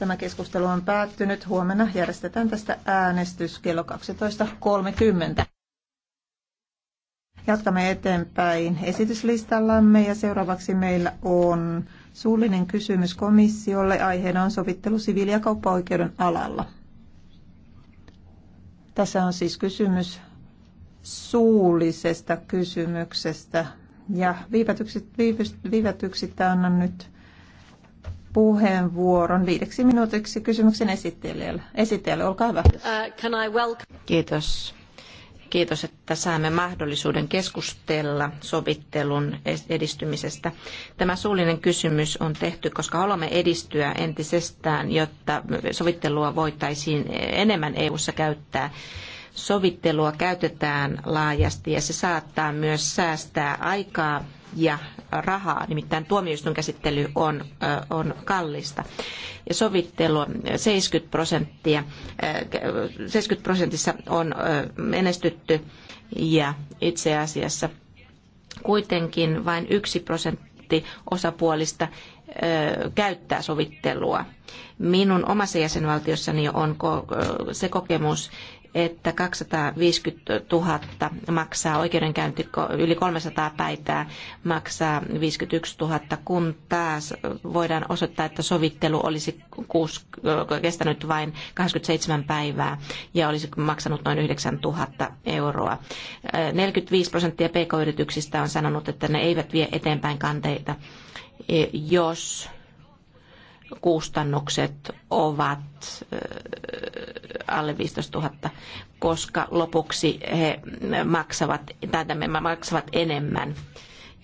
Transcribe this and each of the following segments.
Tämä keskustelu on päättynyt. Huomenna järjestetään tästä äänestys kello 12.30. Jatkamme eteenpäin esityslistallamme ja seuraavaksi meillä on suullinen kysymys komissiolle. Aiheena on sovittelu siviili- ja kauppaoikeuden alalla. Tässä on siis kysymys suullisesta kysymyksestä. Ja viivätyksittä annan nyt puheenvuoron viideksi minuutiksi kysymyksen esittelijälle. Esittelijä, olkaa hyvä. Uh, Kiitos. Kiitos, että saamme mahdollisuuden keskustella sovittelun edistymisestä. Tämä suullinen kysymys on tehty, koska haluamme edistyä entisestään, jotta sovittelua voitaisiin enemmän EU-ssa käyttää. Sovittelua käytetään laajasti ja se saattaa myös säästää aikaa ja rahaa, nimittäin tuomioistuin käsittely on, on kallista. Ja sovittelu 70 prosenttia, 70 prosentissa on menestytty ja itse asiassa kuitenkin vain yksi prosentti osapuolista käyttää sovittelua. Minun omassa jäsenvaltiossani on se kokemus, että 250 000 maksaa oikeudenkäynti, yli 300 päivää maksaa 51 000, kun taas voidaan osoittaa, että sovittelu olisi kestänyt vain 27 päivää ja olisi maksanut noin 9 000 euroa. 45 prosenttia pk-yrityksistä on sanonut, että ne eivät vie eteenpäin kanteita, jos kustannukset ovat alle 15 000, koska lopuksi he maksavat, tai maksavat enemmän.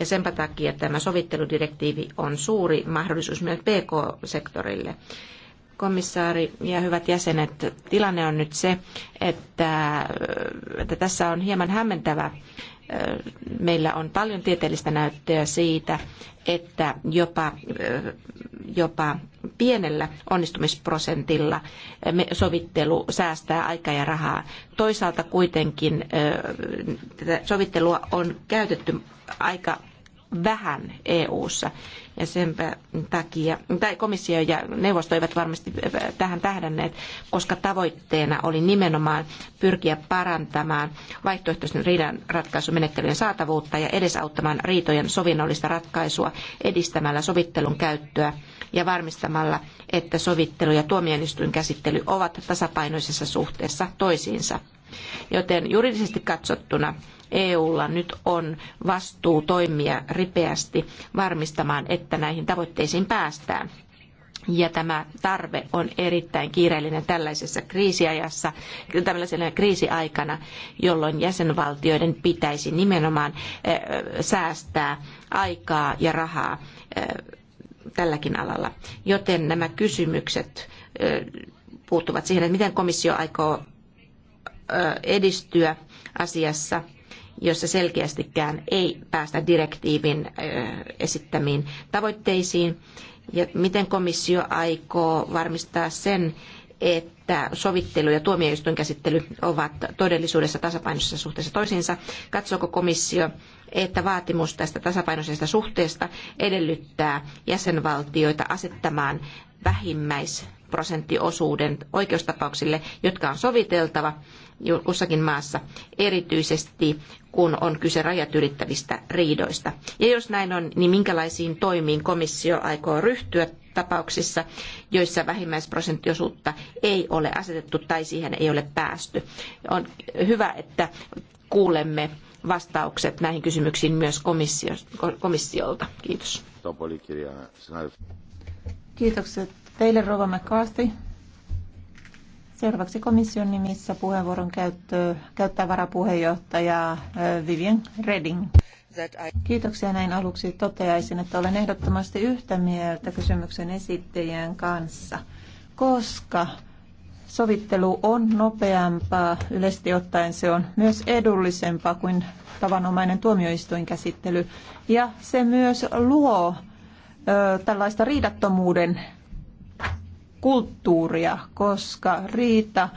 Ja senpä takia tämä sovitteludirektiivi on suuri mahdollisuus myös PK-sektorille komissaari ja hyvät jäsenet, tilanne on nyt se, että, että tässä on hieman hämmentävä. Meillä on paljon tieteellistä näyttöä siitä, että jopa, jopa pienellä onnistumisprosentilla sovittelu säästää aikaa ja rahaa. Toisaalta kuitenkin sovittelua on käytetty aika vähän EU:ssa ja sen takia, tai komissio ja neuvosto eivät varmasti äh, tähän tähdänneet, koska tavoitteena oli nimenomaan pyrkiä parantamaan vaihtoehtoisten riidanratkaisumenettelyjen saatavuutta ja edesauttamaan riitojen sovinnollista ratkaisua edistämällä sovittelun käyttöä ja varmistamalla, että sovittelu ja tuomioistuinkäsittely ovat tasapainoisessa suhteessa toisiinsa. Joten juridisesti katsottuna EUlla nyt on vastuu toimia ripeästi varmistamaan, että näihin tavoitteisiin päästään. Ja tämä tarve on erittäin kiireellinen tällaisessa kriisiajassa, tällaisena kriisiaikana, jolloin jäsenvaltioiden pitäisi nimenomaan eh, säästää aikaa ja rahaa eh, tälläkin alalla. Joten nämä kysymykset puuttuvat siihen, että miten komissio aikoo edistyä asiassa, jossa selkeästikään ei päästä direktiivin esittämiin tavoitteisiin, ja miten komissio aikoo varmistaa sen, että että sovittelu ja tuomioistuinkäsittely ovat todellisuudessa tasapainossa suhteessa toisiinsa? Katsooko komissio, että vaatimus tästä tasapainoisesta suhteesta edellyttää jäsenvaltioita asettamaan vähimmäisprosenttiosuuden oikeustapauksille, jotka on soviteltava kussakin maassa, erityisesti kun on kyse rajat ylittävistä riidoista. Ja jos näin on, niin minkälaisiin toimiin komissio aikoo ryhtyä tapauksissa, joissa vähimmäisprosenttiosuutta ei ole asetettu tai siihen ei ole päästy. On hyvä, että kuulemme vastaukset näihin kysymyksiin myös komissiolta. Kiitos. Kiitokset teille, Rova McCarthy. Seuraavaksi komission nimissä puheenvuoron käyttö, käyttää varapuheenjohtaja eh, Vivian Reding. Kiitoksia näin aluksi toteaisin, että olen ehdottomasti yhtä mieltä kysymyksen esittäjän kanssa, koska sovittelu on nopeampaa, yleisesti ottaen se on myös edullisempaa kuin tavanomainen tuomioistuinkäsittely ja se myös luo ö, tällaista riidattomuuden kulttuuria, koska riita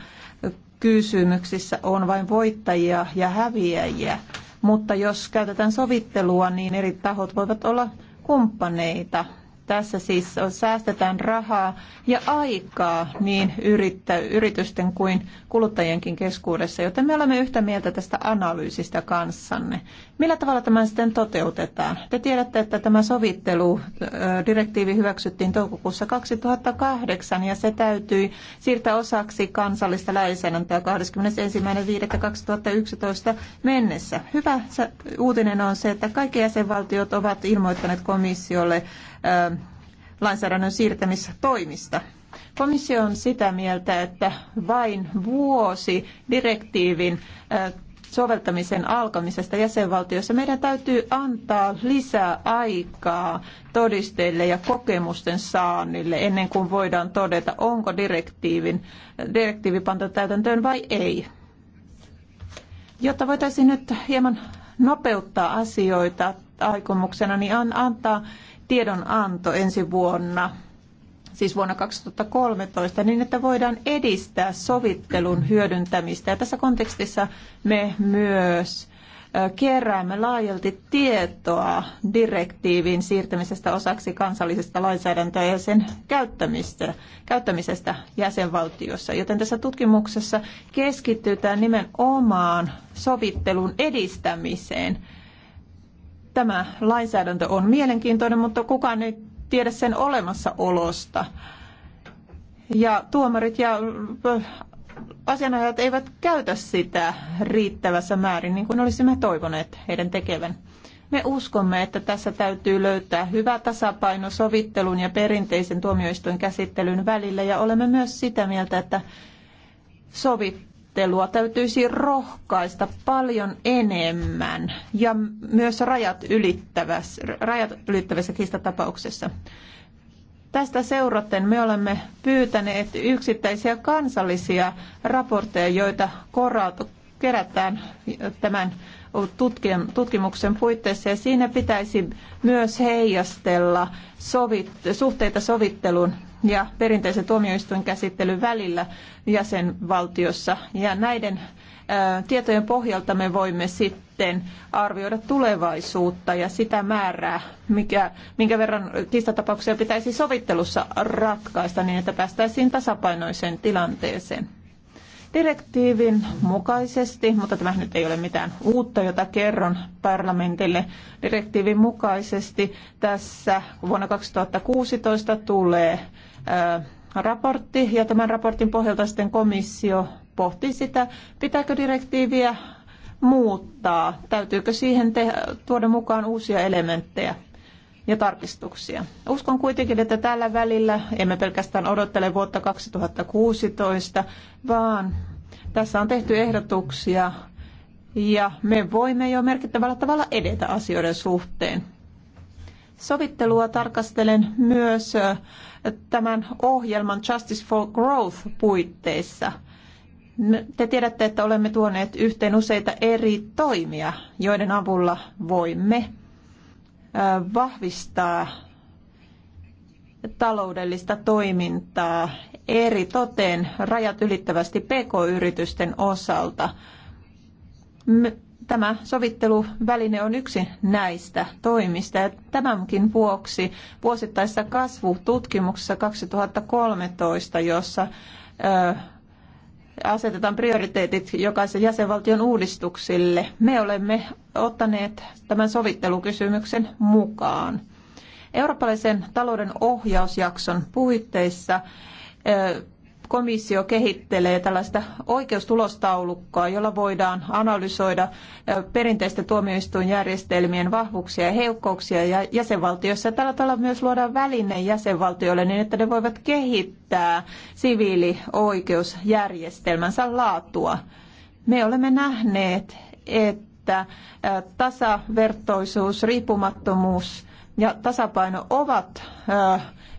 kysymyksissä on vain voittajia ja häviäjiä mutta jos käytetään sovittelua, niin eri tahot voivat olla kumppaneita tässä siis säästetään rahaa ja aikaa niin yrittä, yritysten kuin kuluttajienkin keskuudessa, joten me olemme yhtä mieltä tästä analyysistä kanssanne. Millä tavalla tämä sitten toteutetaan? Te tiedätte, että tämä sovitteludirektiivi hyväksyttiin toukokuussa 2008 ja se täytyy siirtää osaksi kansallista lainsäädäntöä 21.5.2011 mennessä. Hyvä uutinen on se, että kaikki jäsenvaltiot ovat ilmoittaneet komissiolle lainsäädännön siirtämistoimista. Komissio on sitä mieltä, että vain vuosi direktiivin soveltamisen alkamisesta jäsenvaltiossa meidän täytyy antaa lisää aikaa todisteille ja kokemusten saannille ennen kuin voidaan todeta, onko direktiivin, direktiivi pantu täytäntöön vai ei. Jotta voitaisiin nyt hieman nopeuttaa asioita aikomuksena, niin antaa tiedonanto ensi vuonna, siis vuonna 2013, niin että voidaan edistää sovittelun hyödyntämistä. Ja tässä kontekstissa me myös keräämme laajalti tietoa direktiivin siirtämisestä osaksi kansallisesta lainsäädäntöä ja sen käyttämistä, käyttämisestä jäsenvaltiossa. Joten tässä tutkimuksessa keskitytään nimenomaan sovittelun edistämiseen Tämä lainsäädäntö on mielenkiintoinen, mutta kukaan ei tiedä sen olemassaolosta. Ja tuomarit ja äh, asianajajat eivät käytä sitä riittävässä määrin, niin kuin olisimme toivoneet heidän tekevän. Me uskomme, että tässä täytyy löytää hyvä tasapaino sovittelun ja perinteisen tuomioistuin käsittelyn välillä ja olemme myös sitä mieltä, että sovit ajattelua täytyisi rohkaista paljon enemmän ja myös rajat ylittävässä, rajat ylittävässä kistatapauksessa. Tästä seuraten me olemme pyytäneet yksittäisiä kansallisia raportteja, joita kerätään tämän tutkimuksen puitteissa ja siinä pitäisi myös heijastella sovit, suhteita sovittelun ja perinteisen tuomioistuinkäsittelyn välillä jäsenvaltiossa. Ja näiden tietojen pohjalta me voimme sitten arvioida tulevaisuutta ja sitä määrää, mikä, minkä verran kistatapauksia pitäisi sovittelussa ratkaista niin, että päästäisiin tasapainoiseen tilanteeseen direktiivin mukaisesti, mutta tämä nyt ei ole mitään uutta, jota kerron parlamentille. Direktiivin mukaisesti tässä vuonna 2016 tulee äh, raportti ja tämän raportin pohjalta sitten komissio pohtii sitä, pitääkö direktiiviä muuttaa, täytyykö siihen te- tuoda mukaan uusia elementtejä ja tarkistuksia. Uskon kuitenkin, että tällä välillä emme pelkästään odottele vuotta 2016, vaan tässä on tehty ehdotuksia ja me voimme jo merkittävällä tavalla edetä asioiden suhteen. Sovittelua tarkastelen myös tämän ohjelman Justice for Growth puitteissa. Te tiedätte, että olemme tuoneet yhteen useita eri toimia, joiden avulla voimme vahvistaa taloudellista toimintaa eri toteen rajat ylittävästi pk-yritysten osalta. Tämä sovitteluväline on yksi näistä toimista ja tämänkin vuoksi vuosittaisessa kasvututkimuksessa 2013, jossa asetetaan prioriteetit jokaisen jäsenvaltion uudistuksille. Me olemme ottaneet tämän sovittelukysymyksen mukaan. Eurooppalaisen talouden ohjausjakson puitteissa komissio kehittelee tällaista oikeustulostaulukkoa, jolla voidaan analysoida perinteisten tuomioistuinjärjestelmien vahvuuksia ja heikkouksia ja jäsenvaltioissa. Tällä tavalla myös luodaan väline jäsenvaltioille niin, että ne voivat kehittää siviilioikeusjärjestelmänsä laatua. Me olemme nähneet, että tasavertoisuus, riippumattomuus ja tasapaino ovat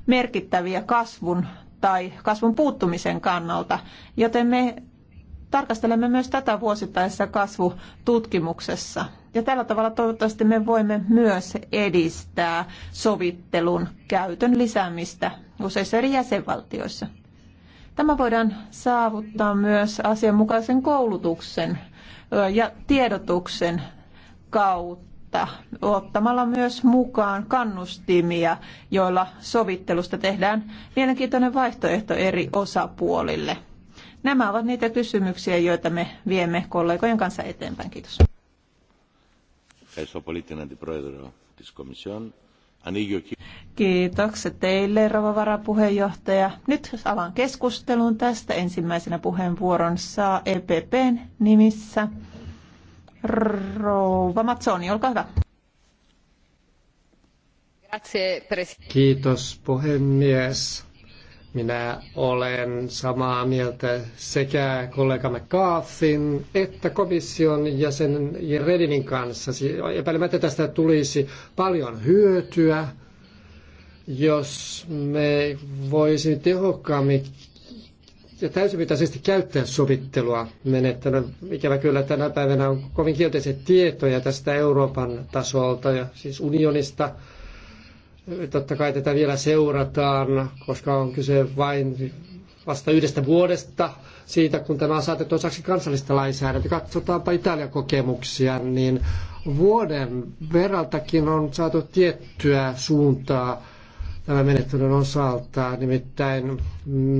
merkittäviä kasvun tai kasvun puuttumisen kannalta, joten me tarkastelemme myös tätä vuosittaisessa kasvututkimuksessa. Ja tällä tavalla toivottavasti me voimme myös edistää sovittelun käytön lisäämistä useissa eri jäsenvaltioissa. Tämä voidaan saavuttaa myös asianmukaisen koulutuksen ja tiedotuksen kautta kautta ottamalla myös mukaan kannustimia, joilla sovittelusta tehdään mielenkiintoinen vaihtoehto eri osapuolille. Nämä ovat niitä kysymyksiä, joita me viemme kollegojen kanssa eteenpäin. Kiitos. Kiitokset teille, rouva varapuheenjohtaja. Nyt avaan keskustelun tästä. Ensimmäisenä puheenvuoron saa EPPn nimissä Rouva Mazzoni, olkaa hyvä. Kiitos puhemies. Minä olen samaa mieltä sekä kollega McCarthyn että komission jäsenen Redinin kanssa. Epäilemättä tästä tulisi paljon hyötyä, jos me voisimme tehokkaammin ja täysimittaisesti käyttää sovittelua menettelyn. Ikävä kyllä tänä päivänä on kovin kielteisiä tietoja tästä Euroopan tasolta, ja siis unionista. Totta kai tätä vielä seurataan, koska on kyse vain vasta yhdestä vuodesta siitä, kun tämä on saatettu osaksi kansallista lainsäädäntöä. Katsotaanpa Italian kokemuksia, niin vuoden verraltakin on saatu tiettyä suuntaa tämän menettelyn osalta. Nimittäin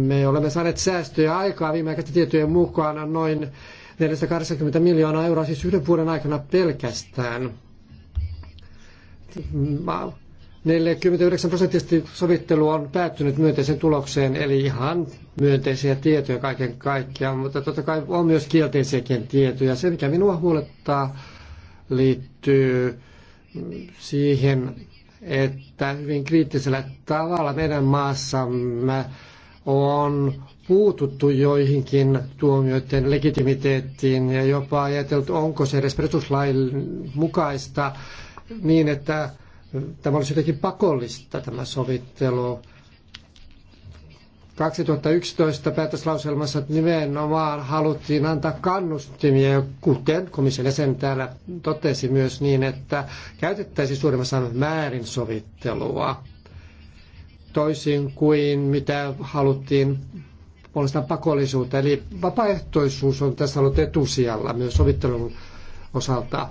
me olemme saaneet säästöjä aikaa viimeaikaisten tietojen mukaan noin 480 miljoonaa euroa, siis yhden vuoden aikana pelkästään. 49 prosenttisesti sovittelu on päättynyt myönteiseen tulokseen, eli ihan myönteisiä tietoja kaiken kaikkiaan, mutta totta kai on myös kielteisiäkin tietoja. Se, mikä minua huolettaa, liittyy siihen, että hyvin kriittisellä tavalla meidän maassamme on puututtu joihinkin tuomioiden legitimiteettiin ja jopa ajateltu, onko se edes perustuslain mukaista niin, että tämä olisi jotenkin pakollista tämä sovittelu. 2011 päätöslauselmassa nimenomaan haluttiin antaa kannustimia, kuten komission jäsen täällä totesi myös niin, että käytettäisiin suurimmassa määrin sovittelua. Toisin kuin mitä haluttiin puolestaan pakollisuutta, eli vapaaehtoisuus on tässä ollut etusijalla myös sovittelun osalta.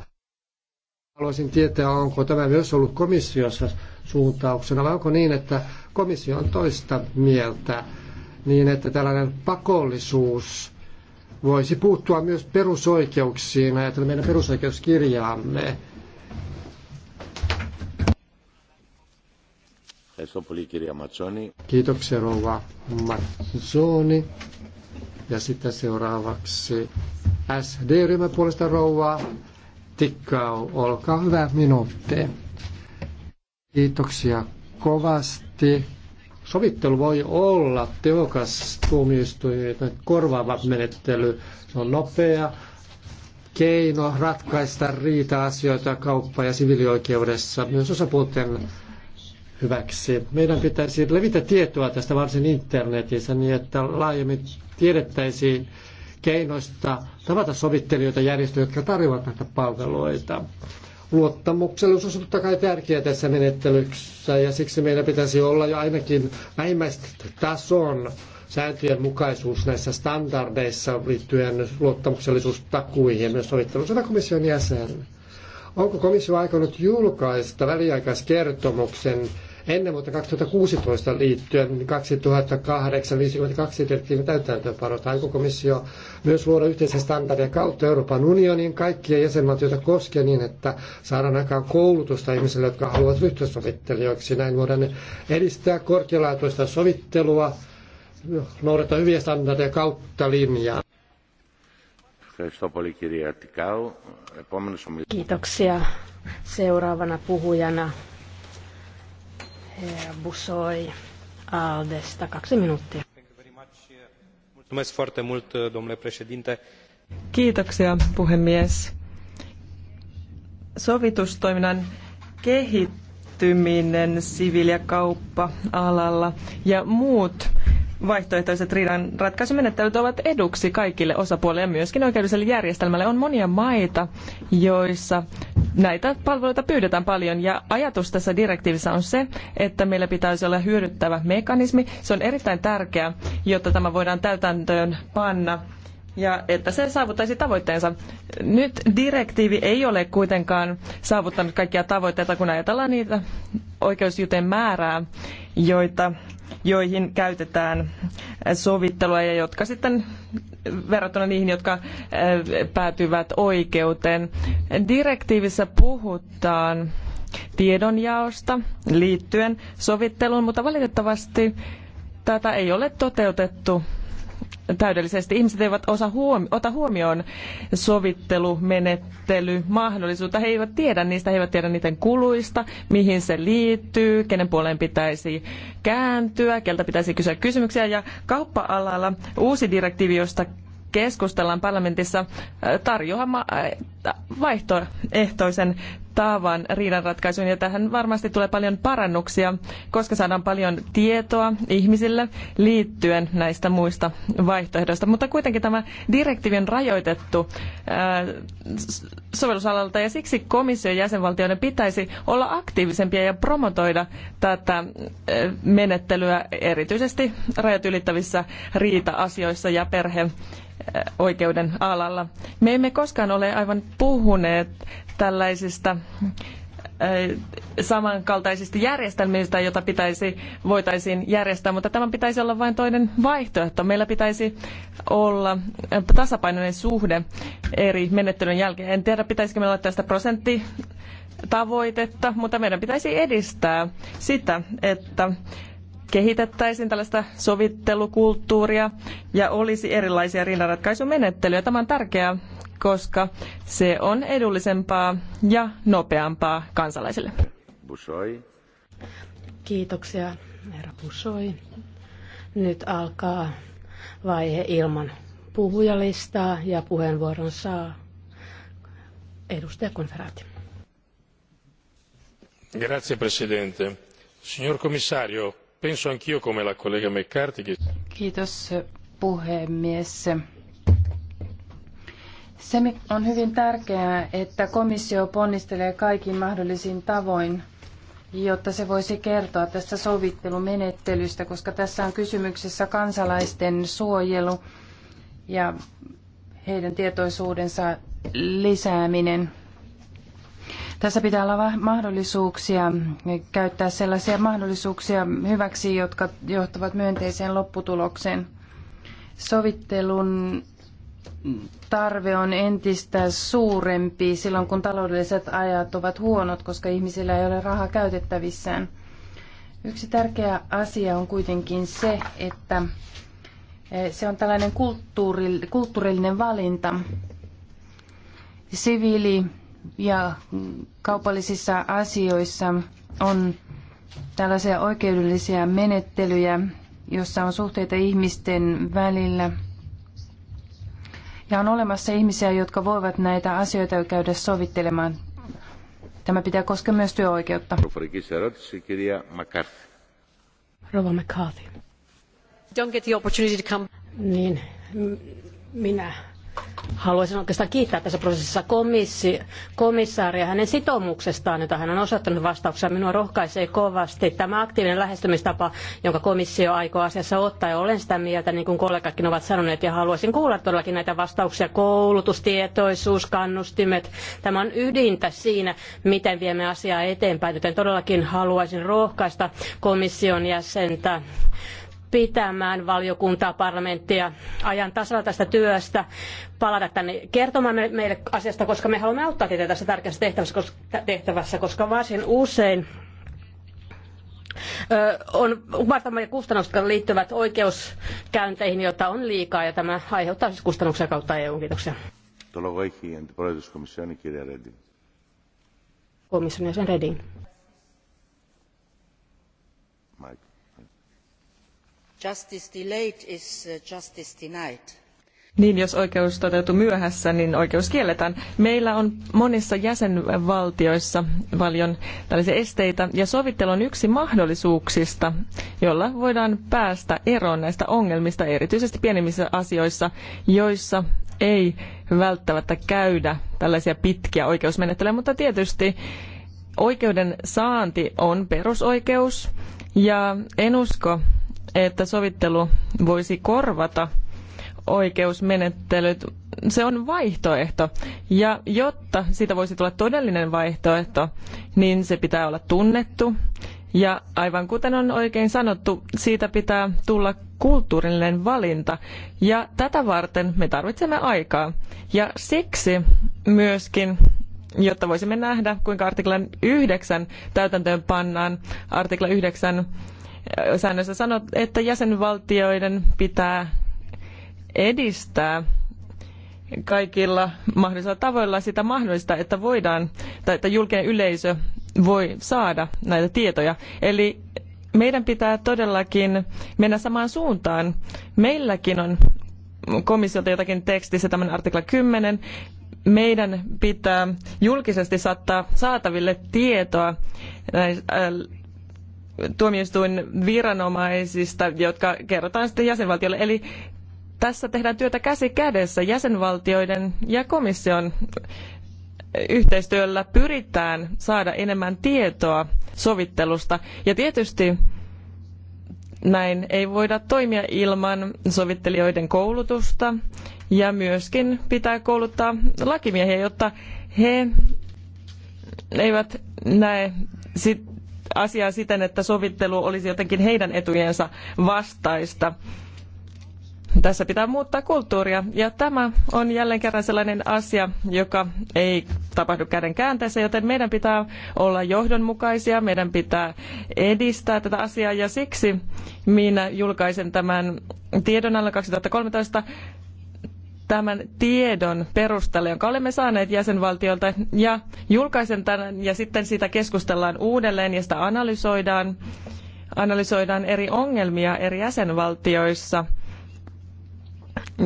Haluaisin tietää, onko tämä myös ollut komissiossa suuntauksena vai onko niin, että komissio on toista mieltä niin että tällainen pakollisuus voisi puuttua myös perusoikeuksiin, ajatellen meidän perusoikeuskirjaamme. Kiitoksia rouva Mazzoni. Ja sitten seuraavaksi SD-ryhmän puolesta rouva Tikkau, olkaa hyvä minuutti. Kiitoksia kovasti. Sovittelu voi olla tehokas tuomioistuimen korvaava menettely. Se on nopea keino ratkaista riita-asioita kauppa- ja siviilioikeudessa myös osapuolten hyväksi. Meidän pitäisi levitä tietoa tästä varsin internetissä niin, että laajemmin tiedettäisiin keinoista tavata sovittelijoita järjestöjä, jotka tarjoavat näitä palveluita. Luottamuksellisuus on totta kai tärkeä tässä menettelyssä ja siksi meillä pitäisi olla jo ainakin vähimmäistason sääntöjen mukaisuus näissä standardeissa liittyen luottamuksellisuustakuihin ja myös sovittelusena komission jäsen. Onko komissio aikonut julkaista väliaikaiskertomuksen ennen vuotta 2016 liittyen 2008 52 direktiivin täytäntöönpano. Aiko komissio myös luoda yhteisen standardeja kautta Euroopan unionin kaikkia jäsenvaltioita koskee niin, että saadaan aikaan koulutusta ihmisille, jotka haluavat ryhtyä sovittelijoiksi. Näin voidaan edistää korkealaatuista sovittelua, noudata hyviä standardeja kautta linjaa. Kiitoksia. Seuraavana puhujana Eh, Busoi Aldesta, kaksi minuuttia. Mulțumesc foarte mult, domnule președinte. Kiitoksia, puhemies. Sovitustoiminnan kehittyminen siviili- ja kauppa-alalla ja muut vaihtoehtoiset riidan ratkaisumenettelyt ovat eduksi kaikille osapuolille ja myöskin oikeudelliselle järjestelmälle. On monia maita, joissa näitä palveluita pyydetään paljon ja ajatus tässä direktiivissä on se, että meillä pitäisi olla hyödyttävä mekanismi. Se on erittäin tärkeä, jotta tämä voidaan täytäntöön panna ja että se saavuttaisi tavoitteensa. Nyt direktiivi ei ole kuitenkaan saavuttanut kaikkia tavoitteita, kun ajatellaan niitä oikeusjuteen määrää, joita joihin käytetään sovittelua ja jotka sitten verrattuna niihin, jotka äh, päätyvät oikeuteen. Direktiivissä puhutaan tiedonjaosta liittyen sovitteluun, mutta valitettavasti tätä ei ole toteutettu täydellisesti. Ihmiset eivät osa huomi- ota huomioon sovittelumenettely, mahdollisuutta. He eivät tiedä niistä, he eivät tiedä niiden kuluista, mihin se liittyy, kenen puoleen pitäisi kääntyä, keltä pitäisi kysyä kysymyksiä. Ja kauppa-alalla uusi direktiivi, josta keskustellaan parlamentissa äh, tarjoamaan äh, vaihtoehtoisen tavan riidanratkaisuun ja tähän varmasti tulee paljon parannuksia, koska saadaan paljon tietoa ihmisille liittyen näistä muista vaihtoehdoista. Mutta kuitenkin tämä direktiivi on rajoitettu äh, sovellusalalta ja siksi komission jäsenvaltioiden pitäisi olla aktiivisempia ja promotoida tätä menettelyä erityisesti rajat ylittävissä riita-asioissa ja perhe- oikeuden alalla. Me emme koskaan ole aivan puhuneet tällaisista äh, samankaltaisista järjestelmistä, jota pitäisi, voitaisiin järjestää, mutta tämän pitäisi olla vain toinen vaihtoehto. Meillä pitäisi olla tasapainoinen suhde eri menettelyn jälkeen. En tiedä, pitäisikö meillä olla tästä prosentti tavoitetta, mutta meidän pitäisi edistää sitä, että kehitettäisiin tällaista sovittelukulttuuria ja olisi erilaisia riidanratkaisumenettelyjä. Tämä on tärkeää, koska se on edullisempaa ja nopeampaa kansalaisille. Busoi. Kiitoksia, herra Bushoi. Nyt alkaa vaihe ilman puhujalistaa ja puheenvuoron saa edustaja Konferaati. Grazie Presidente. Signor Commissario, penso anch'io come la collega McCarthy. Che... Kiitos puhemies. Se on hyvin tärkeää, että komissio ponnistelee kaikin mahdollisin tavoin, jotta se voisi kertoa tästä sovittelumenettelystä, koska tässä on kysymyksessä kansalaisten suojelu ja heidän tietoisuudensa lisääminen. Tässä pitää olla mahdollisuuksia käyttää sellaisia mahdollisuuksia hyväksi, jotka johtavat myönteiseen lopputulokseen. Sovittelun tarve on entistä suurempi silloin, kun taloudelliset ajat ovat huonot, koska ihmisillä ei ole rahaa käytettävissään. Yksi tärkeä asia on kuitenkin se, että eh, se on tällainen kulttuurillinen valinta. Siviili ja kaupallisissa asioissa on tällaisia oikeudellisia menettelyjä, jossa on suhteita ihmisten välillä. Ja on olemassa ihmisiä, jotka voivat näitä asioita käydä sovittelemaan. Tämä pitää koskea myös työoikeutta. Rova McCarthy. Don't get the opportunity to come. Niin, minä haluaisin oikeastaan kiittää tässä prosessissa komissi, komissaaria hänen sitoumuksestaan, jota hän on osoittanut vastauksia. Minua rohkaisee kovasti tämä aktiivinen lähestymistapa, jonka komissio aikoo asiassa ottaa, ja olen sitä mieltä, niin kuin kollegatkin ovat sanoneet, ja haluaisin kuulla todellakin näitä vastauksia. Koulutus, tietoisuus, kannustimet, tämä on ydintä siinä, miten viemme asiaa eteenpäin, joten todellakin haluaisin rohkaista komission jäsentä pitämään valiokuntaa, parlamenttia ajan tasalla tästä työstä, palata tänne kertomaan meille asiasta, koska me haluamme auttaa teitä tässä tärkeässä tehtävässä, koska varsin usein on vartamaja kustannukset, jotka liittyvät oikeuskäynteihin, joita on liikaa, ja tämä aiheuttaa siis kustannuksia kautta EU. Kiitoksia. Komission Redin. Uh, niin, jos oikeus toteutuu myöhässä, niin oikeus kielletään. Meillä on monissa jäsenvaltioissa paljon tällaisia esteitä, ja sovittelu on yksi mahdollisuuksista, jolla voidaan päästä eroon näistä ongelmista, erityisesti pienemmissä asioissa, joissa ei välttämättä käydä tällaisia pitkiä oikeusmenettelyjä, mutta tietysti oikeuden saanti on perusoikeus, ja en usko, että sovittelu voisi korvata oikeusmenettelyt. Se on vaihtoehto. Ja jotta siitä voisi tulla todellinen vaihtoehto, niin se pitää olla tunnettu. Ja aivan kuten on oikein sanottu, siitä pitää tulla kulttuurillinen valinta. Ja tätä varten me tarvitsemme aikaa. Ja siksi myöskin jotta voisimme nähdä, kuinka artiklan 9 täytäntöön pannaan. Artikla 9 säännössä sanot, että jäsenvaltioiden pitää edistää kaikilla mahdollisilla tavoilla sitä mahdollista, että voidaan, tai että julkinen yleisö voi saada näitä tietoja. Eli meidän pitää todellakin mennä samaan suuntaan. Meilläkin on komissiolta jotakin tekstissä tämän artikla 10. Meidän pitää julkisesti saattaa saataville tietoa äh, tuomioistuin viranomaisista, jotka kerrotaan sitten jäsenvaltiolle. Eli tässä tehdään työtä käsi kädessä jäsenvaltioiden ja komission yhteistyöllä pyritään saada enemmän tietoa sovittelusta. Ja tietysti näin ei voida toimia ilman sovittelijoiden koulutusta ja myöskin pitää kouluttaa lakimiehiä, jotta he eivät näe sit asiaa siten, että sovittelu olisi jotenkin heidän etujensa vastaista. Tässä pitää muuttaa kulttuuria ja tämä on jälleen kerran sellainen asia, joka ei tapahdu käden käänteessä, joten meidän pitää olla johdonmukaisia, meidän pitää edistää tätä asiaa ja siksi minä julkaisen tämän tiedonalla 2013 tämän tiedon perustalle, jonka olemme saaneet jäsenvaltiolta ja julkaisen tämän ja sitten siitä keskustellaan uudelleen ja sitä analysoidaan, analysoidaan eri ongelmia eri jäsenvaltioissa.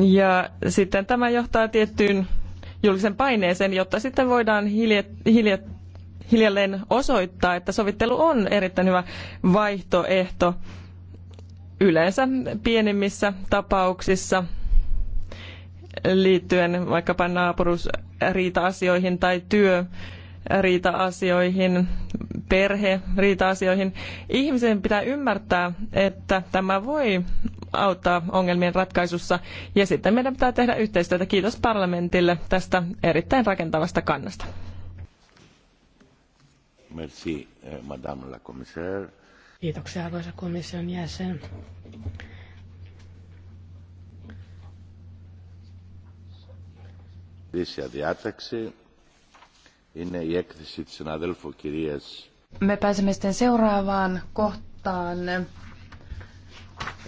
Ja sitten tämä johtaa tiettyyn julkisen paineeseen, jotta sitten voidaan hilje, hilje, hiljalleen osoittaa, että sovittelu on erittäin hyvä vaihtoehto yleensä pienemmissä tapauksissa – liittyen vaikkapa naapurusriita-asioihin tai työ riita-asioihin, perhe riita-asioihin. Ihmisen pitää ymmärtää, että tämä voi auttaa ongelmien ratkaisussa ja sitten meidän pitää tehdä yhteistyötä. Kiitos parlamentille tästä erittäin rakentavasta kannasta. Merci, eh, madame la commissaire. Kiitoksia arvoisa komission jäsen. διάταξη είναι η έκθεση της συναδέλφου κυρίας. Me pääsemme sitten seuraavaan kohtaan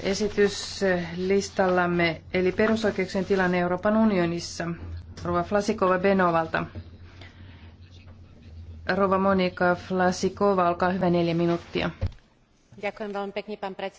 esityslistallamme, eli perusoikeuksien tilanne Euroopan unionissa. Rova Flasikova Benovalta. Rova Monika Flasikova, olkaa hyvä neljä minuuttia.